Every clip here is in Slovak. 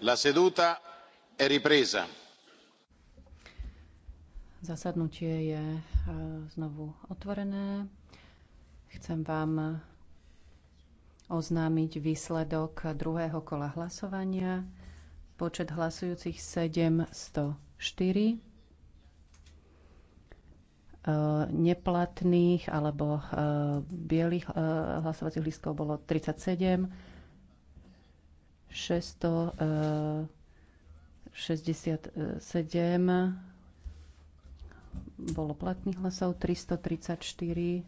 la seduta è ripresa zasadnutie je e, znovu otvorené chcem vám oznámiť výsledok druhého kola hlasovania počet hlasujúcich 704 e, neplatných alebo e, bielých hlasovacích lístkov bolo 37 667 eh, bolo platných hlasov, 334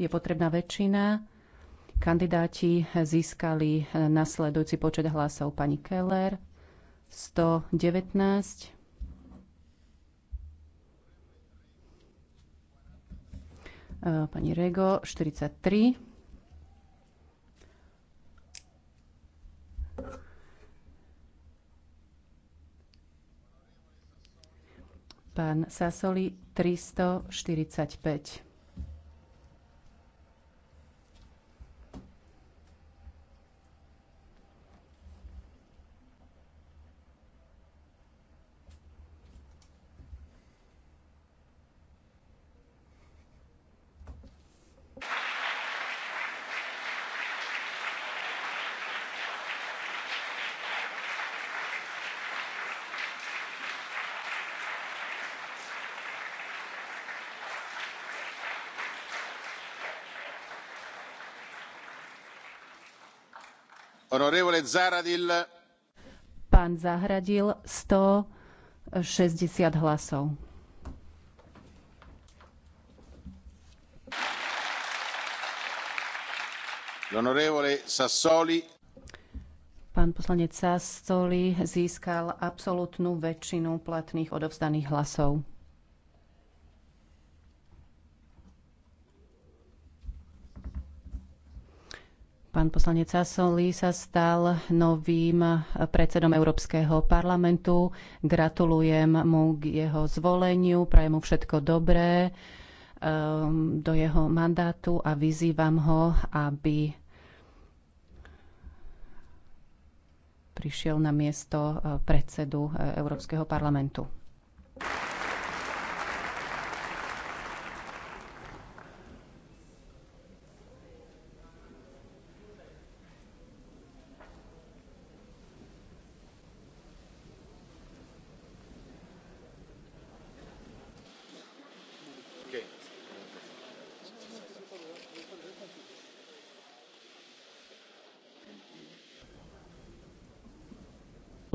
je potrebná väčšina. Kandidáti získali eh, nasledujúci počet hlasov pani Keller 119, eh, pani Rego 43, Pán Sasoli 345. Pán Zahradil 160 hlasov. Sassoli. Pán poslanec Sassoli získal absolútnu väčšinu platných odovzdaných hlasov. Poslanec Sassoli sa stal novým predsedom Európskeho parlamentu. Gratulujem mu k jeho zvoleniu, prajem mu všetko dobré ehm, do jeho mandátu a vyzývam ho, aby prišiel na miesto eh, predsedu eh, Európskeho parlamentu.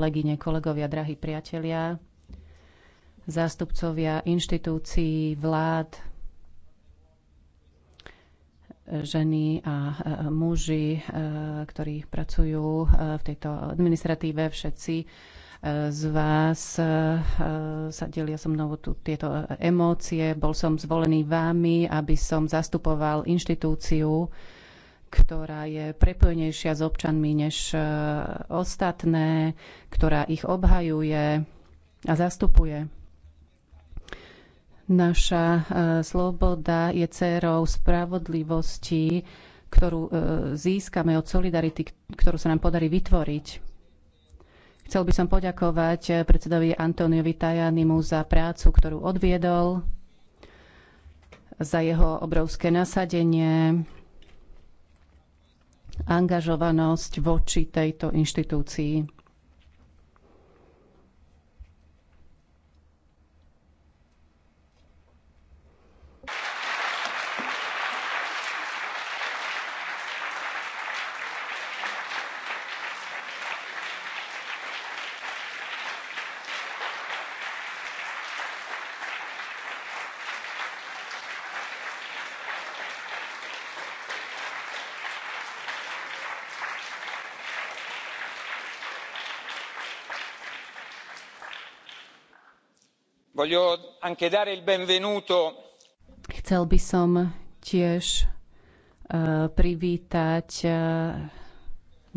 kolegyne, kolegovia, drahí priatelia, zástupcovia inštitúcií, vlád, ženy a e, muži, e, ktorí pracujú e, v tejto administratíve, všetci z vás sa delia so mnou tu, tieto emócie. Bol som zvolený vámi, aby som zastupoval inštitúciu, ktorá je prepojenejšia s občanmi než e, ostatné, ktorá ich obhajuje a zastupuje. Naša e, sloboda je dcerou spravodlivosti, ktorú e, získame od solidarity, ktorú sa nám podarí vytvoriť. Chcel by som poďakovať predsedovi Antoniovi Tajanimu za prácu, ktorú odviedol, za jeho obrovské nasadenie, angažovanosť voči tejto inštitúcii. Chcel by som tiež eh, privítať eh,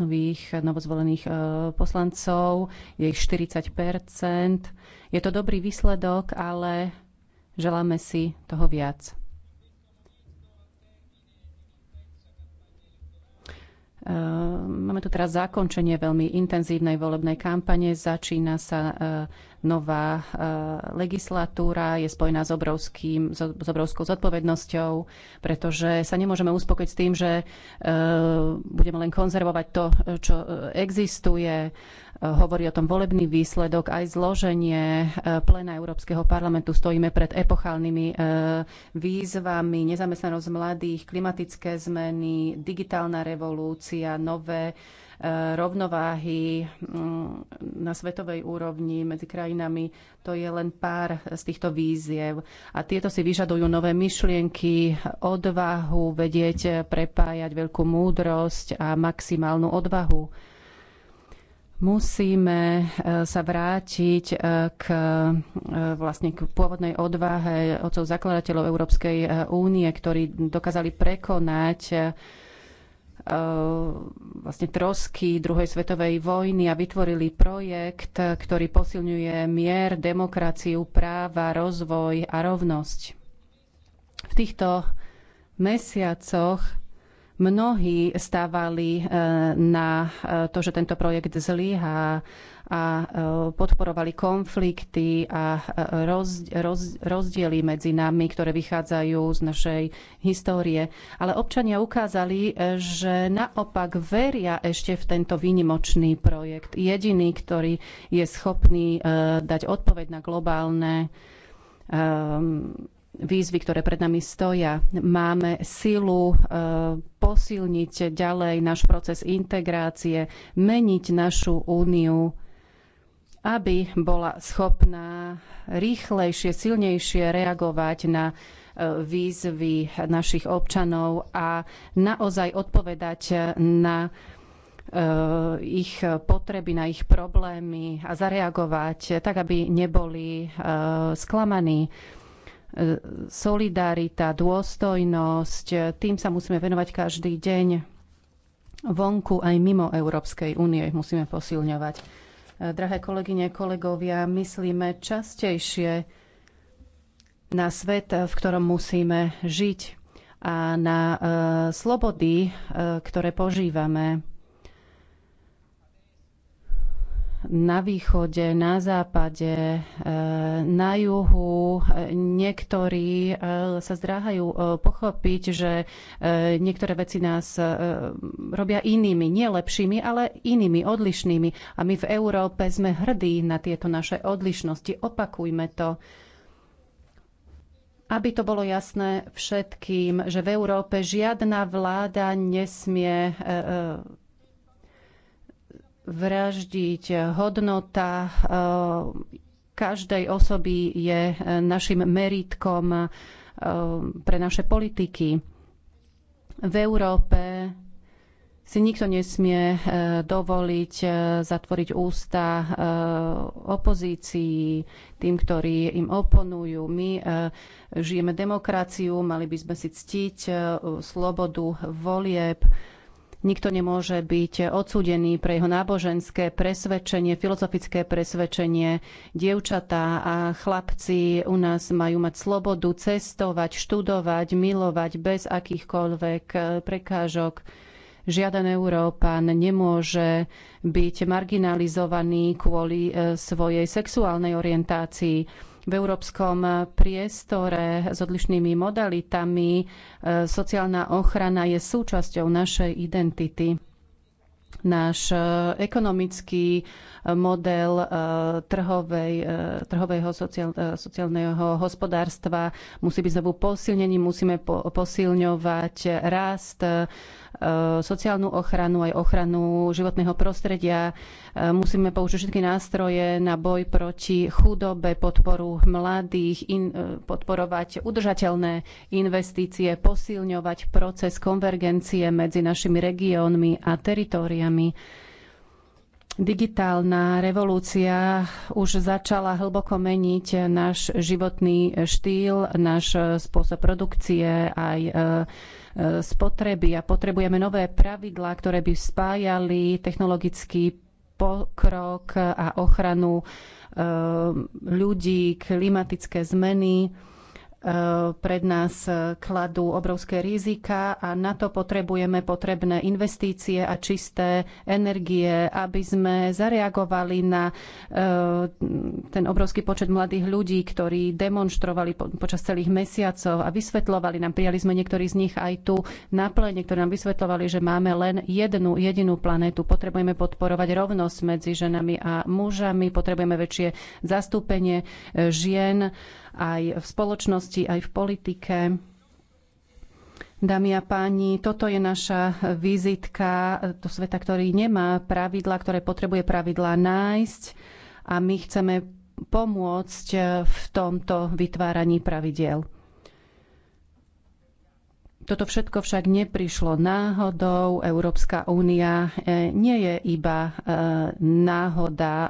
nových novozvolených eh, poslancov, je ich 40 Je to dobrý výsledok, ale želáme si toho viac. Ehm, máme tu teraz zakončenie veľmi intenzívnej volebnej kampane. Začína sa ehm, nová ehm, legislatúra, je spojená s, obrovským, s obrovskou zodpovednosťou, pretože sa nemôžeme uspokojiť s tým, že budeme len konzervovať to, čo existuje hovorí o tom volebný výsledok, aj zloženie e, plena Európskeho parlamentu. Stojíme pred epochálnymi e, výzvami, nezamestnanosť mladých, klimatické zmeny, digitálna revolúcia, nové e, rovnováhy mm, na svetovej úrovni medzi krajinami. To je len pár z týchto víziev. A tieto si vyžadujú nové myšlienky, odvahu, vedieť prepájať veľkú múdrosť a maximálnu odvahu musíme e, sa vrátiť e, k, e, vlastne k pôvodnej odvahe otcov zakladateľov Európskej únie, ktorí dokázali prekonať vlastne trosky druhej svetovej vojny a vytvorili projekt, ktorý posilňuje mier, demokraciu, práva, rozvoj a rovnosť. V týchto mesiacoch Mnohí stávali e, na e, to, že tento projekt zlyhá a e, podporovali konflikty a rozdiely medzi nami, ktoré vychádzajú z našej histórie. Ale občania ukázali, že naopak veria ešte v tento výnimočný projekt. Jediný, ktorý je schopný dať odpoveď na globálne výzvy, ktoré pred nami stoja. Máme silu eh, posilniť ďalej náš proces integrácie, meniť našu úniu, aby bola schopná rýchlejšie, silnejšie reagovať na eh, výzvy našich občanov a naozaj odpovedať na eh, ich potreby, na ich problémy a zareagovať tak, aby neboli sklamaní solidarita, dôstojnosť, tým sa musíme venovať každý deň vonku aj mimo Európskej únie ich musíme posilňovať. Drahé kolegyne, kolegovia, myslíme častejšie na svet, v ktorom musíme žiť a na e, slobody, e, ktoré požívame na východe, na západe, e, na juhu. Niektorí e, sa zdráhajú e, pochopiť, že niektoré veci nás robia inými, nie lepšími, ale inými, odlišnými. A my v Európe sme hrdí na tieto naše odlišnosti. Opakujme to. Aby to bolo jasné všetkým, že v Európe žiadna vláda nesmie vraždiť. Hodnota eh, každej osoby je eh, našim meritkom eh, pre naše politiky. V Európe si nikto nesmie dovoliť zatvoriť ústa opozícii, tým, ktorí im oponujú. My žijeme demokraciu, mali by sme si ctiť slobodu volieb Nikto nemôže byť odsúdený pre jeho náboženské presvedčenie, filozofické presvedčenie. Dievčatá a chlapci u nás majú mať slobodu cestovať, študovať, milovať bez akýchkoľvek eh, prekážok. Žiaden Európan nemôže byť marginalizovaný kvôli eh, svojej sexuálnej orientácii v európskom priestore s odlišnými modalitami. E, sociálna ochrana je súčasťou našej identity náš e, ekonomický model eh, trhovej, eh, trhového sociál, eh, sociálneho hospodárstva musí byť znovu posilnený, musíme po, posilňovať rast, sociálnu ochranu, aj ochranu životného prostredia. Musíme použiť všetky nástroje na boj proti chudobe, podporu mladých, in, podporovať udržateľné investície, posilňovať proces konvergencie medzi našimi regiónmi a teritóriami Digitálna revolúcia už začala hlboko meniť náš životný štýl, náš spôsob produkcie, aj e, e, spotreby a potrebujeme nové pravidlá, ktoré by spájali technologický pokrok a ochranu e, ľudí, klimatické zmeny E, pred nás e, kladú obrovské rizika a na to potrebujeme potrebné investície a čisté energie, aby sme zareagovali na e, ten obrovský počet mladých ľudí, ktorí demonstrovali počas celých mesiacov a vysvetľovali nám, prijali sme niektorí z nich aj tu na plene, ktorí nám vysvetľovali, že máme len jednu jedinú planetu. Potrebujeme podporovať rovnosť medzi ženami a mužami, potrebujeme väčšie zastúpenie žien aj v spoločnosti, aj v politike. Dámy a páni, toto je naša vizitka do sveta, ktorý nemá pravidla, ktoré potrebuje pravidla nájsť a my chceme pomôcť v tomto vytváraní pravidiel. Toto všetko však neprišlo náhodou. Európska únia e, nie je iba e, náhoda e,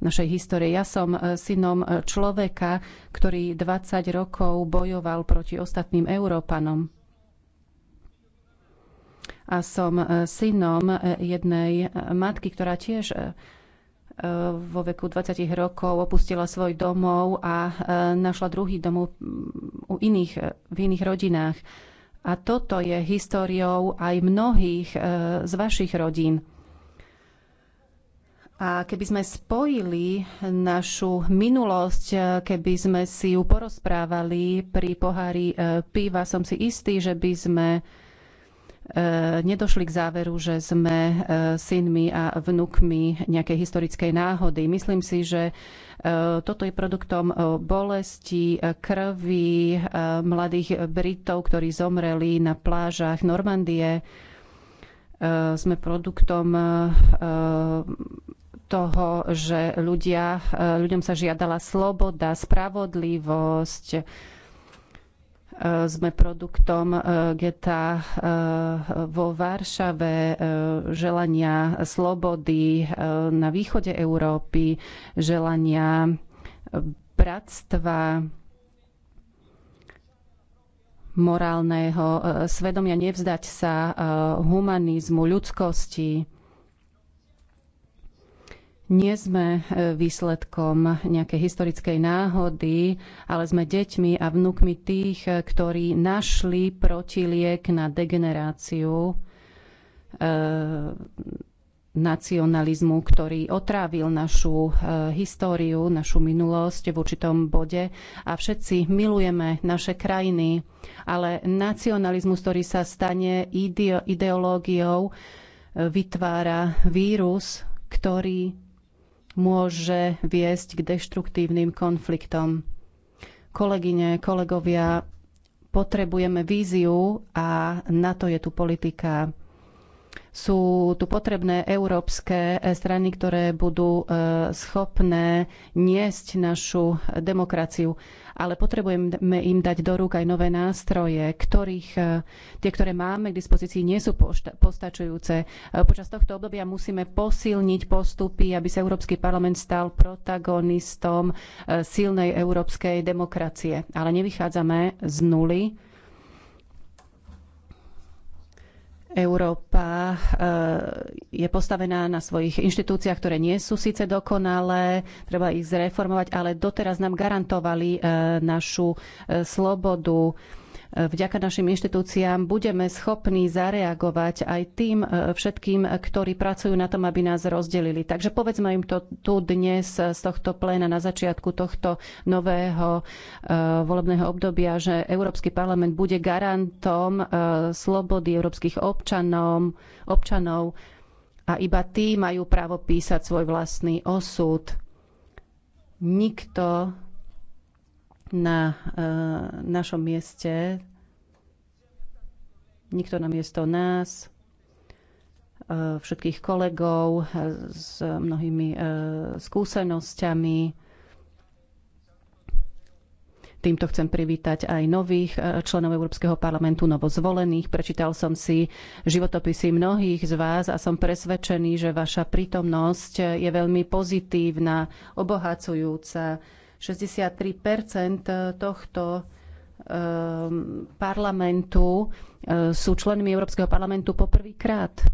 našej histórie. Ja som e, synom e, človeka, ktorý 20 rokov bojoval proti ostatným Európanom. A som e, synom jednej matky, ktorá tiež vo veku 20 rokov opustila svoj domov a našla druhý domov u iných, v iných rodinách. A toto je históriou aj mnohých z vašich rodín. A keby sme spojili našu minulosť, keby sme si ju porozprávali pri pohári e, piva, som si istý, že by sme e, nedošli k záveru, že sme e, synmi a vnukmi nejakej historickej náhody. Myslím si, že toto je produktom bolesti, krvi mladých Britov, ktorí zomreli na plážach Normandie. Sme produktom toho, že ľudia, e, ľuďom sa žiadala sloboda, spravodlivosť, e, sme produktom e, geta vo Varšave, želania slobody na východe Európy, želania bratstva, morálneho svedomia, nevzdať sa humanizmu, ľudskosti nie sme e, výsledkom nejakej historickej náhody, ale sme deťmi a vnúkmi tých, e, ktorí našli protiliek na degeneráciu e, nacionalizmu, ktorý otrávil našu e, históriu, našu minulosť v určitom bode. A všetci milujeme naše krajiny, ale nacionalizmus, ktorý sa stane ideológiou, e, vytvára vírus, ktorý môže viesť k deštruktívnym konfliktom. Kolegyne, kolegovia, potrebujeme víziu a na to je tu politika sú tu potrebné európske eh, strany, ktoré budú eh, schopné niesť našu demokraciu. Ale potrebujeme im dať do rúk aj nové nástroje, ktorých, eh, tie, ktoré máme k dispozícii, nie sú postačujúce. Počas tohto obdobia musíme posilniť postupy, aby sa Európsky parlament stal protagonistom silnej európskej demokracie. Ale nevychádzame z nuly Európa eh, je postavená na svojich inštitúciách, ktoré nie sú síce dokonalé, treba ich zreformovať, ale doteraz nám garantovali eh, našu eh, slobodu, Vďaka našim inštitúciám budeme schopní zareagovať aj tým e, všetkým, ktorí pracujú na tom, aby nás rozdelili. Takže povedzme im to tu dnes z tohto pléna na začiatku tohto nového e, volebného obdobia, že Európsky parlament bude garantom e, slobody európskych občanom, občanov a iba tí majú právo písať svoj vlastný osud. Nikto na e, našom mieste, nikto na miesto nás, e, všetkých kolegov e, s mnohými skúsenosťami. Týmto chcem privítať aj nových členov Európskeho parlamentu, novozvolených. Prečítal som si životopisy mnohých z vás a som presvedčený, že vaša prítomnosť je veľmi pozitívna, obohacujúca, 63 eh, tohto ehm, parlamentu eh, sú členmi Európskeho parlamentu poprvýkrát.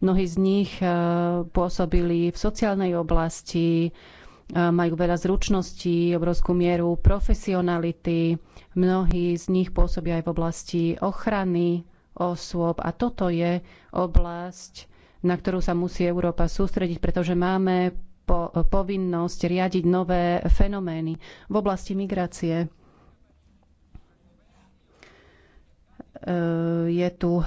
Mnohí z nich eh, pôsobili v sociálnej oblasti, majú veľa zručností, obrovskú mieru profesionality. Mnohí z nich pôsobia aj v oblasti ochrany osôb a toto je oblasť, na ktorú sa musí Európa sústrediť, pretože máme po, povinnosť riadiť nové fenomény v oblasti migrácie. E, je tu e,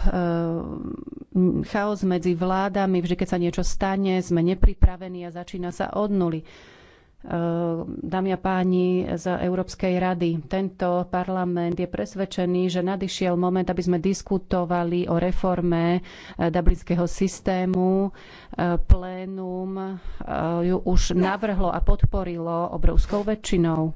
chaos medzi vládami, vždy keď sa niečo stane, sme nepripravení a začína sa od nuly Ehm, dámy a páni z Európskej rady, tento parlament je presvedčený, že nadišiel moment, aby sme diskutovali o reforme eh, dublinského systému. Eh, plénum eh, ju už navrhlo a podporilo obrovskou väčšinou.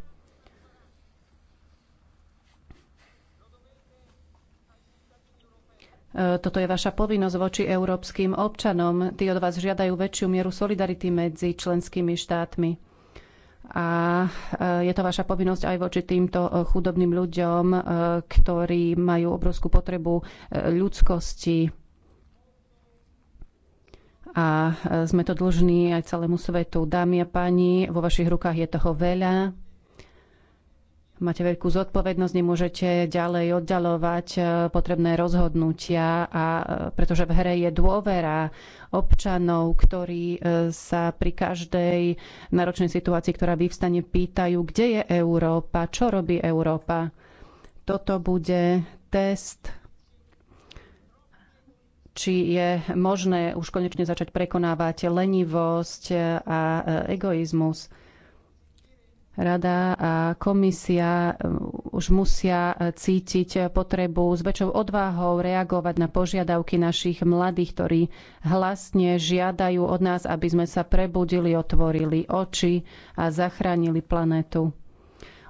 Toto je vaša povinnosť voči európskym občanom. Tí od vás žiadajú väčšiu mieru solidarity medzi členskými štátmi. A e, je to vaša povinnosť aj voči týmto e, chudobným ľuďom, e, ktorí majú obrovskú potrebu ľudskosti. A sme to dlžní aj celému svetu. Dámy a páni, vo vašich rukách je toho veľa. Máte veľkú zodpovednosť, nemôžete ďalej oddalovať e, potrebné rozhodnutia, a, e, pretože v hre je dôvera občanov, ktorí e, sa pri každej náročnej situácii, ktorá vyvstane, pýtajú, kde je Európa, čo robí Európa. Toto bude test či je možné už konečne začať prekonávať lenivosť a egoizmus. Rada a komisia um, už musia uh, cítiť potrebu s väčšou odvahou reagovať na požiadavky našich mladých, ktorí hlasne žiadajú od nás, aby sme sa prebudili, otvorili oči a zachránili planetu.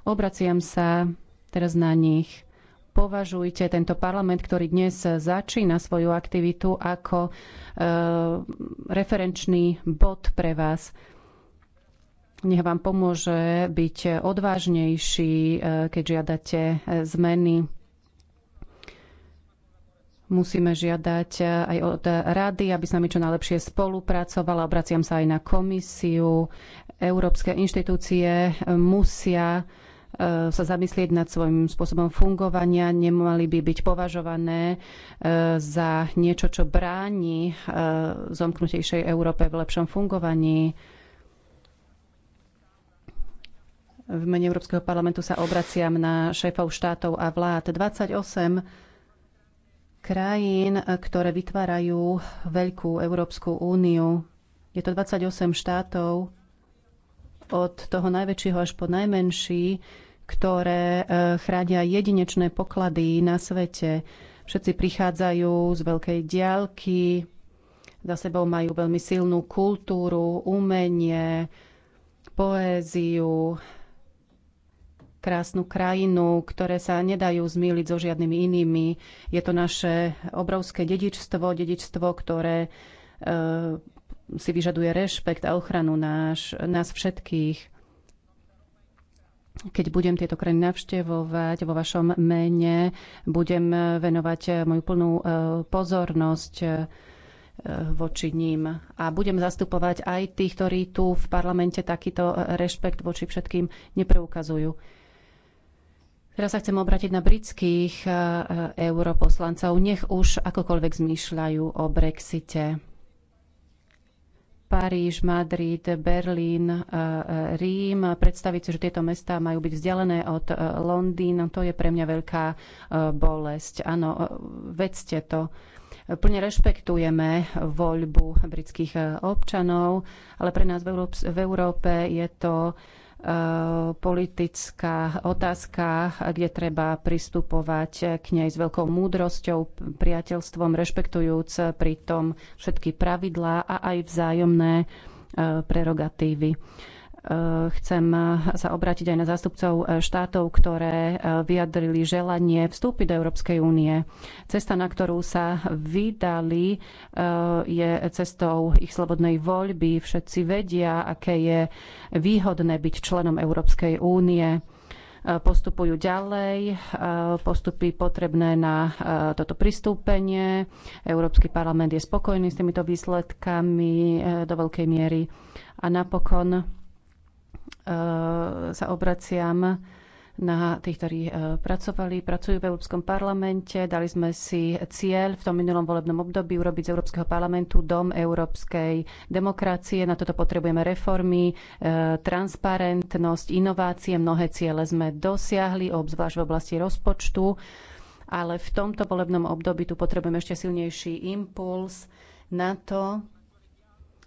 Obraciam sa teraz na nich. Považujte tento parlament, ktorý dnes začína svoju aktivitu ako e, referenčný bod pre vás nech vám pomôže byť odvážnejší, e, keď žiadate e, zmeny musíme žiadať e, aj od rady, aby s nami čo najlepšie spolupracovala. Obraciam sa aj na komisiu. Európske inštitúcie musia sa zamyslieť nad svojim spôsobom fungovania, nemali by byť považované za niečo, čo bráni zomknutejšej Európe v lepšom fungovaní V mene Európskeho parlamentu sa obraciam na šéfov štátov a vlád. 28 krajín, ktoré vytvárajú veľkú Európsku úniu. Je to 28 štátov, od toho najväčšieho až po najmenší, ktoré e, chránia jedinečné poklady na svete. Všetci prichádzajú z veľkej diálky, za sebou majú veľmi silnú kultúru, umenie, poéziu, krásnu krajinu, ktoré sa nedajú zmýliť so žiadnymi inými. Je to naše obrovské dedičstvo, dedičstvo, ktoré e, si vyžaduje rešpekt a ochranu náš, nás všetkých. Keď budem tieto krajiny navštevovať vo vašom mene, budem venovať moju plnú e, pozornosť e, voči ním. A budem zastupovať aj tých, ktorí tu v parlamente takýto rešpekt voči všetkým nepreukazujú. Teraz sa chcem obrátiť na britských eh, eh, europoslancov. Nech už akokoľvek zmýšľajú o Brexite. Paríž, Madrid, Berlín, eh, Rím. Predstaviť si, že tieto mesta majú byť vzdialené od Londýna, to je pre mňa veľká bolesť. Áno, vedzte to. Plne rešpektujeme voľbu britských občanov, ale pre nás v Európe je to Eh, politická otázka, kde treba pristupovať k nej s veľkou múdrosťou, priateľstvom, rešpektujúc pritom všetky pravidlá a aj vzájomné eh, prerogatívy. Chcem sa obrátiť aj na zástupcov štátov, ktoré eh, vyjadrili želanie vstúpiť do Európskej únie. Cesta, na ktorú sa vydali, eh, je cestou ich slobodnej voľby. Všetci vedia, aké je výhodné byť členom Európskej únie eh, postupujú ďalej, postupy potrebné na toto pristúpenie. Európsky parlament je spokojný s týmito výsledkami do veľkej miery. A napokon sa obraciam na tých, ktorí e, pracovali, pracujú v Európskom parlamente. Dali sme si cieľ v tom minulom volebnom období urobiť z Európskeho parlamentu dom európskej demokracie. Na toto potrebujeme reformy, e, transparentnosť, inovácie. Mnohé ciele sme dosiahli, obzvlášť v oblasti rozpočtu, ale v tomto volebnom období tu potrebujeme ešte silnejší impuls na to,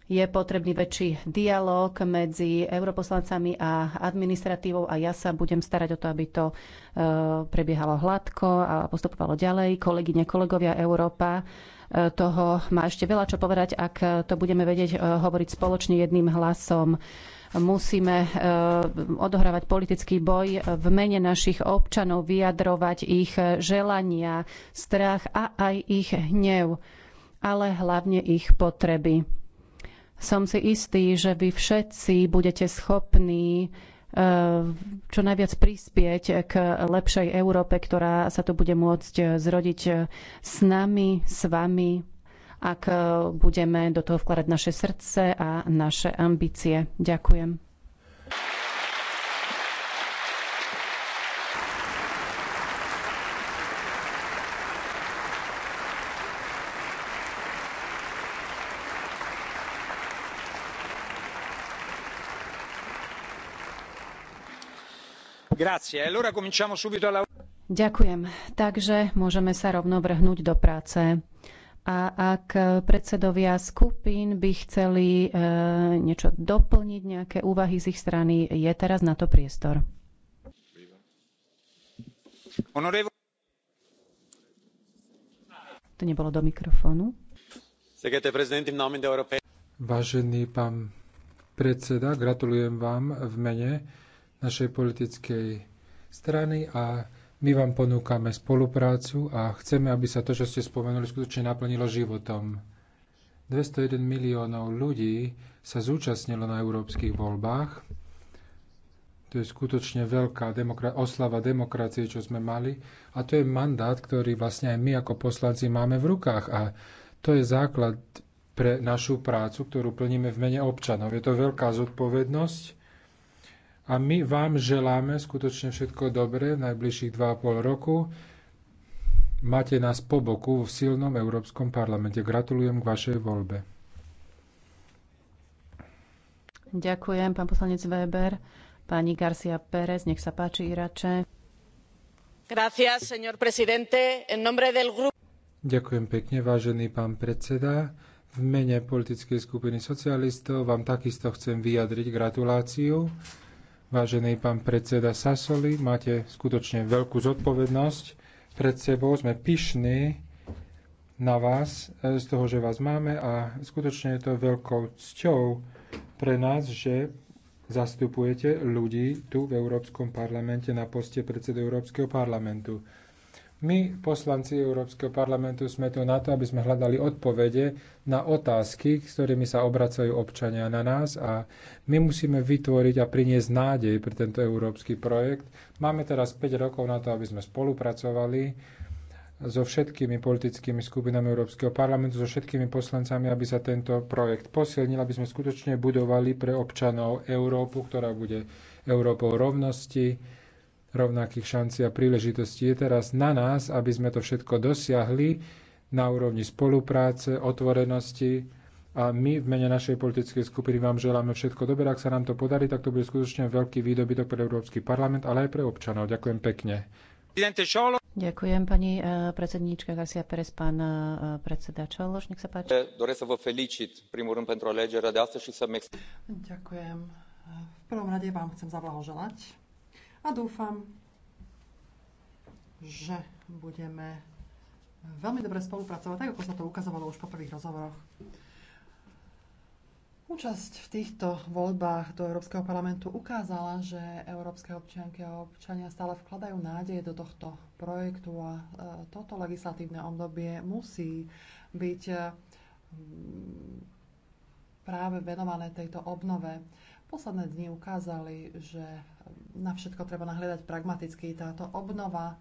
je potrebný väčší dialog medzi europoslancami a administratívou a ja sa budem starať o to, aby to e, prebiehalo hladko a postupovalo ďalej. Kolegyne, kolegovia, Európa e, toho má ešte veľa čo povedať, ak to budeme vedieť e, hovoriť spoločne jedným hlasom. Musíme odohrávať politický boj v mene našich občanov, vyjadrovať ich želania, strach a aj ich hnev, ale hlavne ich potreby som si istý, že vy všetci budete schopní eh, čo najviac prispieť k lepšej Európe, ktorá sa tu bude môcť eh, zrodiť eh, s nami, s vami, ak budeme do toho vkladať naše srdce a naše ambície. Ďakujem. Ďakujem. Takže môžeme sa rovno vrhnúť do práce. A ak predsedovia skupín by chceli e, niečo doplniť, nejaké úvahy z ich strany, je teraz na to priestor. To nebolo do mikrofónu. Vážený pán predseda, gratulujem vám v mene našej politickej strany a my vám ponúkame spoluprácu a chceme, aby sa to, čo ste spomenuli, skutočne naplnilo životom. 201 miliónov ľudí sa zúčastnilo na európskych voľbách. To je skutočne veľká demokra- oslava demokracie, čo sme mali. A to je mandát, ktorý vlastne aj my ako poslanci máme v rukách. A to je základ pre našu prácu, ktorú plníme v mene občanov. Je to veľká zodpovednosť a my vám želáme skutočne všetko dobré v najbližších 2,5 roku. Máte nás po boku v silnom Európskom parlamente. Gratulujem k vašej voľbe. Ďakujem, pán poslanec Weber. Pani Garcia Pérez, nech sa páči, Irače. Gracias, señor presidente. En nombre del grupo... Ďakujem pekne, vážený pán predseda. V mene politickej skupiny socialistov vám takisto chcem vyjadriť gratuláciu Vážený pán predseda Sasoli, máte skutočne veľkú zodpovednosť pred sebou. Sme pyšní na vás eh, z toho, že vás máme a skutočne je to veľkou cťou pre nás, že zastupujete ľudí tu v Európskom parlamente na poste predsedu Európskeho parlamentu. My, poslanci Európskeho parlamentu, sme tu na to, aby sme hľadali odpovede na otázky, s ktorými sa obracajú občania na nás a my musíme vytvoriť a priniesť nádej pre tento európsky projekt. Máme teraz 5 rokov na to, aby sme spolupracovali so všetkými politickými skupinami Európskeho parlamentu, so všetkými poslancami, aby sa tento projekt posilnil, aby sme skutočne budovali pre občanov Európu, ktorá bude Európou rovnosti, rovnakých šancí a príležitostí. Je teraz na nás, aby sme to všetko dosiahli na úrovni spolupráce, otvorenosti a my v mene našej politickej skupiny vám želáme všetko dobré. Ak sa nám to podarí, tak to bude skutočne veľký výdobytok pre Európsky parlament, ale aj pre občanov. Ďakujem pekne. Ďakujem pani eh, predsedníčka Garcia Perez, pán eh, predseda Čološ, nech sa páči. Eh, Ďakujem. V prvom rade vám chcem zablahoželať a dúfam, že budeme veľmi dobre spolupracovať, tak ako sa to ukazovalo už po prvých rozhovoroch. Účasť v týchto voľbách do Európskeho parlamentu ukázala, že európske občianky a občania stále vkladajú nádej do tohto projektu a e, toto legislatívne obdobie musí byť e, práve venované tejto obnove. Posledné dni ukázali, že na všetko treba nahľadať pragmaticky. Táto obnova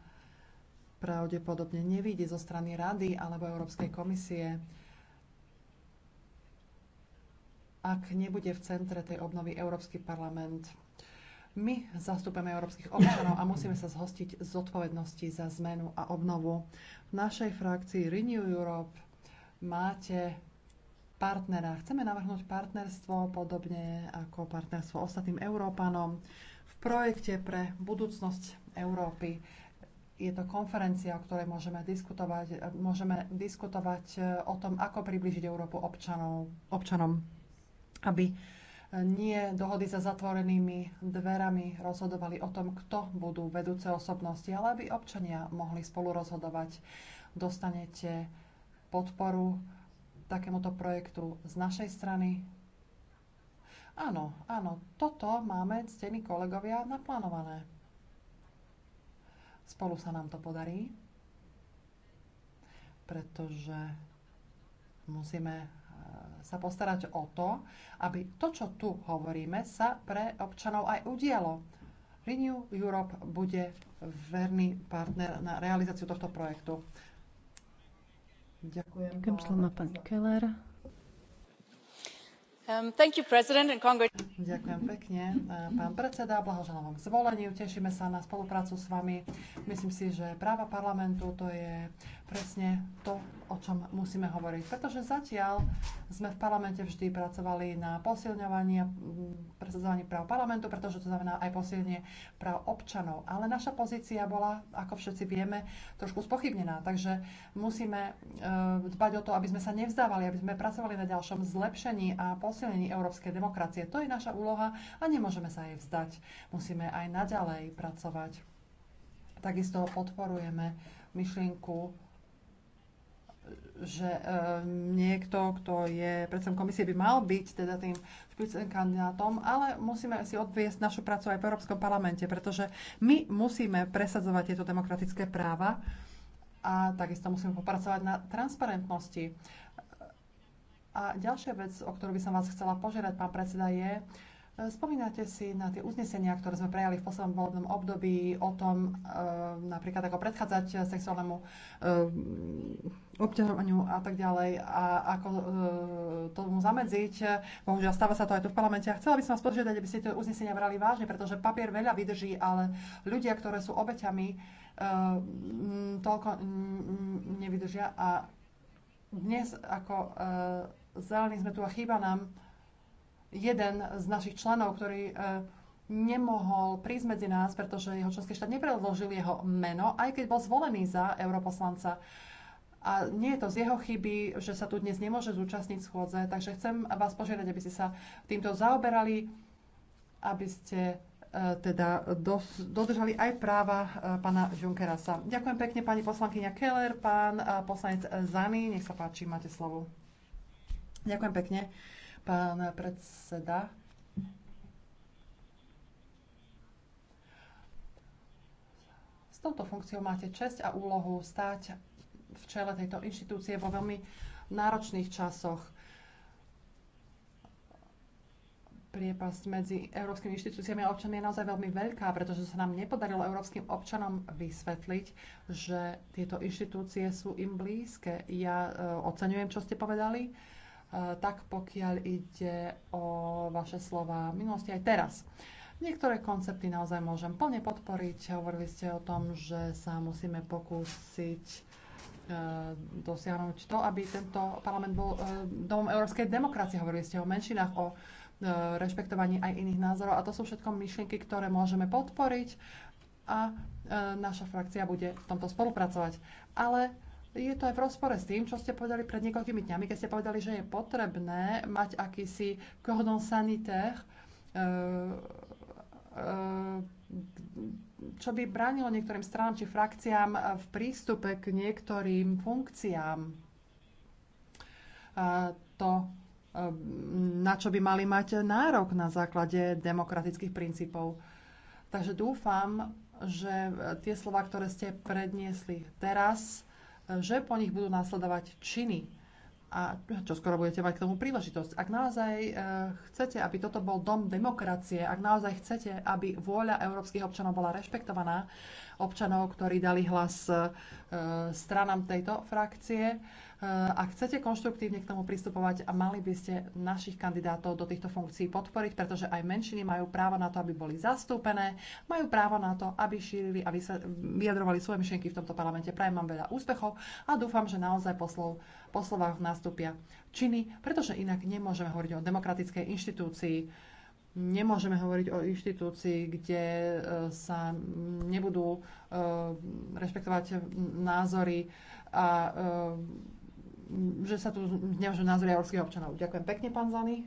pravdepodobne nevíde zo strany Rady alebo Európskej komisie, ak nebude v centre tej obnovy Európsky parlament. My zastupujeme európskych občanov a musíme sa zhostiť z odpovednosti za zmenu a obnovu. V našej frakcii Renew Europe máte partnera. Chceme navrhnúť partnerstvo podobne ako partnerstvo ostatným Európanom projekte pre budúcnosť Európy. Je to konferencia, o ktorej môžeme diskutovať. Môžeme diskutovať e, o tom, ako približiť Európu občanov, občanom, aby e, nie dohody za zatvorenými dverami rozhodovali o tom, kto budú vedúce osobnosti, ale aby občania mohli spolu rozhodovať. Dostanete podporu takémuto projektu z našej strany. Áno, áno, toto máme, ctení kolegovia, naplánované. Spolu sa nám to podarí, pretože musíme eh, sa postarať o to, aby to, čo tu hovoríme, sa pre občanov aj udialo. Renew Europe bude verný partner na realizáciu tohto projektu. Ďakujem. Ďakujem slovo pani Keller. Um, thank you, President, and congratulations. Ďakujem pekne. E, pán predseda, blahoželám vám k zvoleniu. Tešíme sa na spoluprácu s vami. Myslím si, že práva parlamentu to je presne to, o čom musíme hovoriť. Pretože zatiaľ sme v parlamente vždy pracovali na posilňovaní a mm, presadzovaní práv parlamentu, pretože to znamená aj posilnenie práv občanov. Ale naša pozícia bola, ako všetci vieme, trošku spochybnená. Takže musíme e, dbať o to, aby sme sa nevzdávali, aby sme pracovali na ďalšom zlepšení a posilnení európskej demokracie. To je naša naša úloha a nemôžeme sa jej vzdať. Musíme aj naďalej pracovať. Takisto podporujeme myšlienku, že e, niekto, kto je predsedom komisie, by mal byť teda tým špicen kandidátom, ale musíme si odviesť našu prácu aj v Európskom parlamente, pretože my musíme presadzovať tieto demokratické práva a takisto musíme popracovať na transparentnosti. A ďalšia vec, o ktorú by som vás chcela požiadať, pán predseda, je, e, Spomínate si na tie uznesenia, ktoré sme prejali v poslednom volebnom období o tom, e, napríklad ako predchádzať sexuálnemu e, obťažovaniu a tak ďalej a ako e, tomu zamedziť. Bohužiaľ, stáva sa to aj tu v parlamente. A chcela by som vás požiadať, aby ste tie uznesenia brali vážne, pretože papier veľa vydrží, ale ľudia, ktoré sú obeťami, e, toľko nevydržia a dnes ako e, zelení sme tu a chýba nám jeden z našich členov, ktorý e, nemohol prísť medzi nás, pretože jeho členský štát nepredložil jeho meno, aj keď bol zvolený za europoslanca. A nie je to z jeho chyby, že sa tu dnes nemôže zúčastniť schôdze, takže chcem vás požiadať, aby ste sa týmto zaoberali, aby ste E, teda dos, dodržali aj práva e, pána sa. Ďakujem pekne pani poslankyňa Keller, pán e, poslanec Zany, nech sa páči, máte slovo. Ďakujem pekne, pán predseda. S touto funkciou máte česť a úlohu stáť v čele tejto inštitúcie vo veľmi náročných časoch priepasť medzi európskymi inštitúciami a občanmi je naozaj veľmi veľká, pretože sa nám nepodarilo európskym občanom vysvetliť, že tieto inštitúcie sú im blízke. Ja e, oceňujem, čo ste povedali, e, tak pokiaľ ide o vaše slova v minulosti aj teraz. Niektoré koncepty naozaj môžem plne podporiť. Hovorili ste o tom, že sa musíme pokúsiť e, dosiahnuť to, aby tento parlament bol domom európskej demokracie. Hovorili ste o menšinách, o E, rešpektovanie aj iných názorov. A to sú všetko myšlienky, ktoré môžeme podporiť a e, naša frakcia bude v tomto spolupracovať. Ale je to aj v rozpore s tým, čo ste povedali pred niekoľkými dňami, keď ste povedali, že je potrebné mať akýsi cordon sanitaire, e, čo by bránilo niektorým stranám či frakciám v prístupe k niektorým funkciám. to Ehm, na čo by mali mať nárok na základe demokratických princípov. Takže dúfam, že e, tie slova, ktoré ste predniesli teraz, e, že po nich budú následovať činy. A čo skoro budete mať k tomu príležitosť. Ak naozaj e, chcete, aby toto bol dom demokracie, ak naozaj chcete, aby vôľa európskych občanov bola rešpektovaná, občanov, ktorí dali hlas stranám tejto frakcie, Eh, ak chcete konštruktívne k tomu pristupovať, a mali by ste našich kandidátov do týchto funkcií podporiť, pretože aj menšiny majú právo na to, aby boli zastúpené, majú právo na to, aby šírili a vyjadrovali svoje myšlienky v tomto parlamente. Prajem vám veľa úspechov a dúfam, že naozaj poslov, po slovách nastúpia činy, pretože inak nemôžeme hovoriť o demokratickej inštitúcii, nemôžeme hovoriť o inštitúcii, kde eh, sa nebudú eh, rešpektovať názory a že sa tu nemôžu názory európskych občanov. Ďakujem pekne, pán Zany.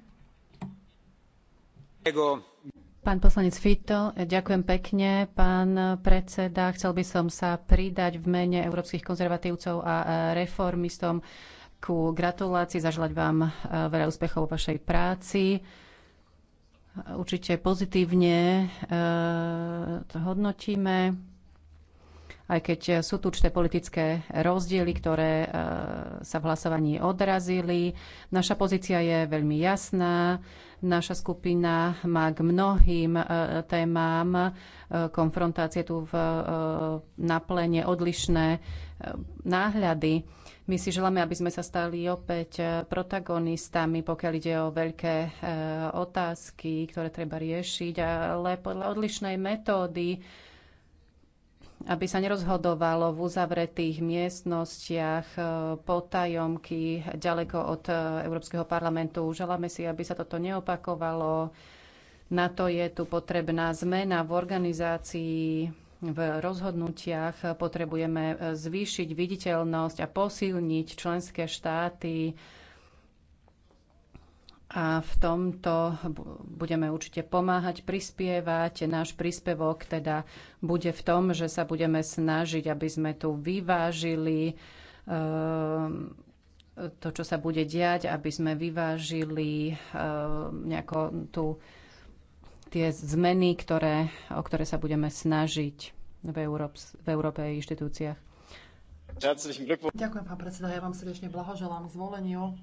Pán poslanec Fito, ďakujem pekne. Pán predseda, chcel by som sa pridať v mene európskych konzervatívcov a e, reformistom ku gratulácii, zaželať vám e, veľa úspechov vo vašej práci. Určite pozitívne e, to hodnotíme aj keď sú tu určité politické rozdiely, ktoré e, sa v hlasovaní odrazili. Naša pozícia je veľmi jasná. Naša skupina má k mnohým e, témam e, konfrontácie tu v, na plene odlišné náhľady. My si želáme, aby sme sa stali opäť protagonistami, pokiaľ ide o veľké otázky, ktoré treba riešiť, ale podľa odlišnej metódy aby sa nerozhodovalo v uzavretých miestnostiach, e, potajomky, ďaleko od e, Európskeho parlamentu. Želáme si, aby sa toto neopakovalo. Na to je tu potrebná zmena v organizácii, v rozhodnutiach. Potrebujeme e, zvýšiť viditeľnosť a posilniť členské štáty a v tomto budeme určite pomáhať, prispievať. Náš príspevok teda bude v tom, že sa budeme snažiť, aby sme tu vyvážili ehm, to, čo sa bude diať, aby sme vyvážili ehm, nejako tu tie zmeny, ktoré, o ktoré sa budeme snažiť v, Európs- v Európe a inštitúciách. Ďakujem, pán predseda. Ja vám srdečne blahoželám k zvoleniu.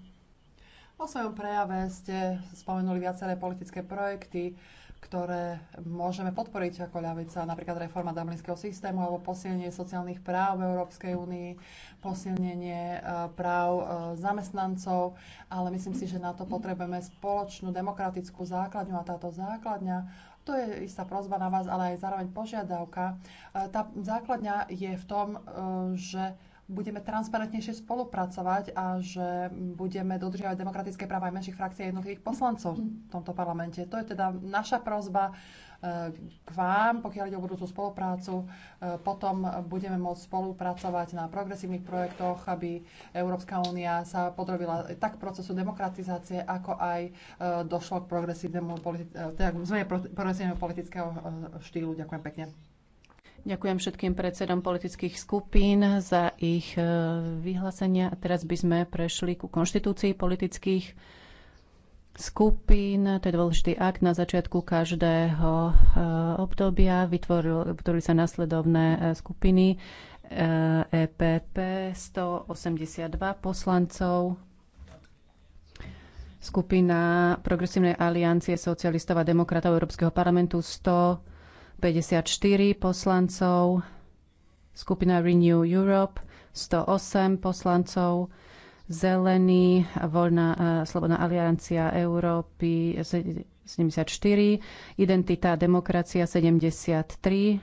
O svojom prejave ste spomenuli viaceré politické projekty, ktoré môžeme podporiť ako ľavica, napríklad reforma dublinského systému alebo posilnenie sociálnych práv v Európskej únii, posilnenie e, práv e, zamestnancov, ale myslím si, že na to potrebujeme spoločnú demokratickú základňu a táto základňa to je istá prozba na vás, ale aj zároveň požiadavka. E, tá základňa je v tom, že budeme transparentnejšie spolupracovať a že budeme dodržiavať demokratické práva aj menších frakcií a jednotlivých poslancov v mhm. tomto parlamente. To je teda naša prozba e, k vám, pokiaľ ide o budúcu spoluprácu. E, potom budeme môcť spolupracovať na progresívnych projektoch, aby Európska únia sa podrobila tak procesu demokratizácie, ako aj e, došlo k progresívnemu politi- teda zmene progresívneho politického štýlu. Ďakujem pekne. Ďakujem všetkým predsedom politických skupín za ich e, vyhlásenia. A teraz by sme prešli ku konštitúcii politických skupín. To je dôležitý akt na začiatku každého e, obdobia. vytvorili sa nasledovné e, skupiny. EPP 182 poslancov, skupina Progresívnej aliancie socialistov a demokratov Európskeho parlamentu 100 54 poslancov, skupina Renew Europe 108 poslancov, Zelený, Voľná e, Slobodná aliancia Európy 74, Identita demokracia 73, e,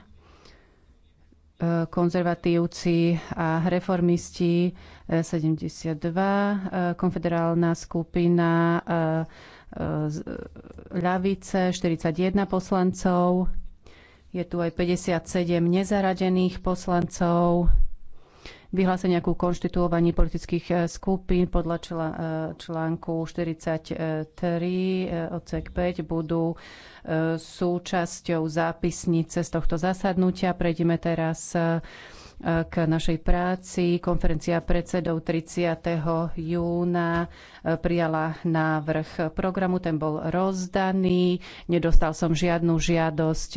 konzervatívci a reformisti 72, e, konfederálna skupina ľavice 41 poslancov, je tu aj 57 nezaradených poslancov. Vyhlásenia ku konštituovaní politických eh, skupín podľa eh, článku 43 eh, odsek 5 budú súčasťou zápisnice z tohto zasadnutia. Prejdeme teraz k našej práci. Konferencia predsedov 30. júna prijala návrh programu, ten bol rozdaný. Nedostal som žiadnu žiadosť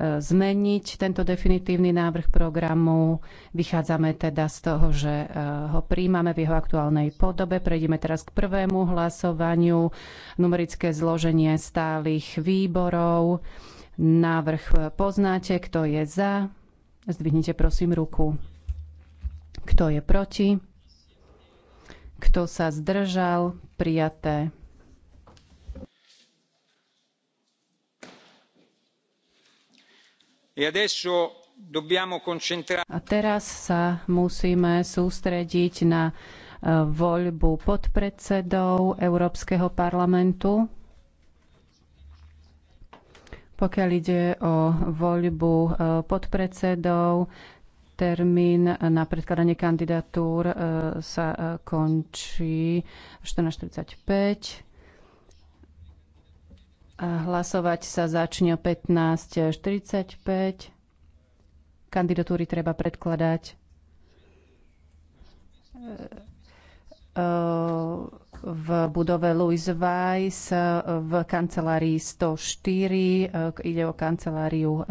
zmeniť tento definitívny návrh programu. Vychádzame teda z toho, že e, ho príjmame v jeho aktuálnej podobe. Prejdeme teraz k prvému hlasovaniu. Numerické zloženie stálych výborov. Návrh poznáte, kto je za. Zdvihnite prosím ruku. Kto je proti? Kto sa zdržal? Prijaté. E A teraz sa musíme sústrediť na e, voľbu podpredsedov Európskeho parlamentu. Pokiaľ ide o voľbu e, podpredsedov, termín na predkladanie kandidatúr sa končí 14.45. A hlasovať sa začne o 15.45. Kandidatúry treba predkladať v budove Louis Weiss v kancelárii 104. Ide o kanceláriu e,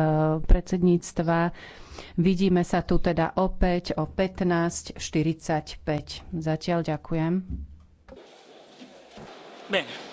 predsedníctva. Vidíme sa tu teda opäť o 15.45. Zatiaľ ďakujem. Bene.